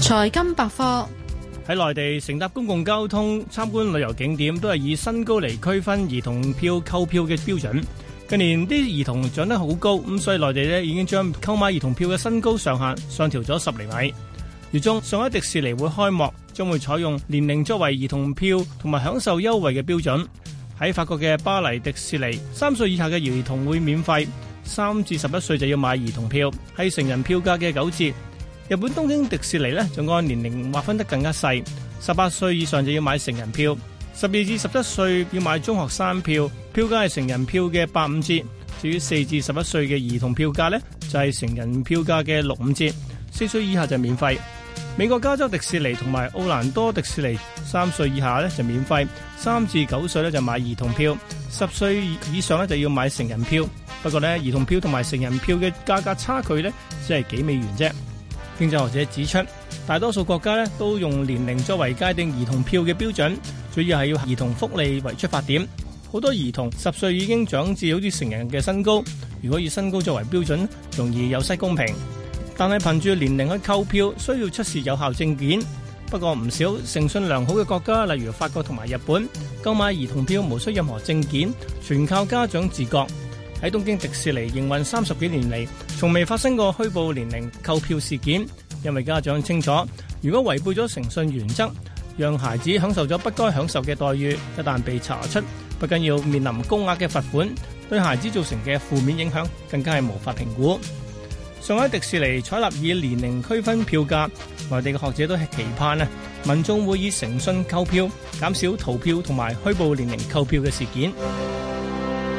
財金百科，喺內地乘搭公共交通、參觀旅遊景點，都係以身高嚟區分兒童票購票嘅標準。近年啲兒童長得好高，咁所以內地呢已經將購買兒童票嘅身高上限上調咗十厘米。月中，上海迪士尼會開幕，將會採用年齡作為兒童票同埋享受優惠嘅標準。喺法國嘅巴黎迪士尼，三歲以下嘅兒童會免費。三至十一歲就要買兒童票，係成人票價嘅九折。日本東京迪士尼呢，就按年齡劃分得更加細，十八歲以上就要買成人票，十二至十七歲要買中學生票，票價係成人票嘅八五折。至於四至十一歲嘅兒童票價呢，就係成人票價嘅六五折。四歲以下就免費。美國加州迪士尼同埋奧蘭多迪士尼，三歲以下呢就免費，三至九歲呢就買兒童票，十歲以上呢就要買成人票。不過咧，兒童票同埋成人票嘅價格差距咧，只係幾美元啫。經濟學者指出，大多數國家咧都用年齡作為界定兒童票嘅標準，主要係要兒童福利為出發點。好多兒童十歲已經長至好似成人嘅身高，如果以身高作為標準，容易有失公平。但係憑住年齡去購票，需要出示有效證件。不過唔少誠信良好嘅國家，例如法國同埋日本，購買兒童票無需任何證件，全靠家長自覺。喺東京迪士尼營運三十幾年嚟，從未發生過虛報年齡購票事件，因為家長清楚，如果違背咗誠信原則，讓孩子享受咗不該享受嘅待遇，一旦被查出，不僅要面臨高額嘅罰款，對孩子造成嘅負面影響更加係無法評估。上海迪士尼採納以年齡區分票價，內地嘅學者都係期盼啊，民眾會以誠信購票，減少逃票同埋虛報年齡購票嘅事件。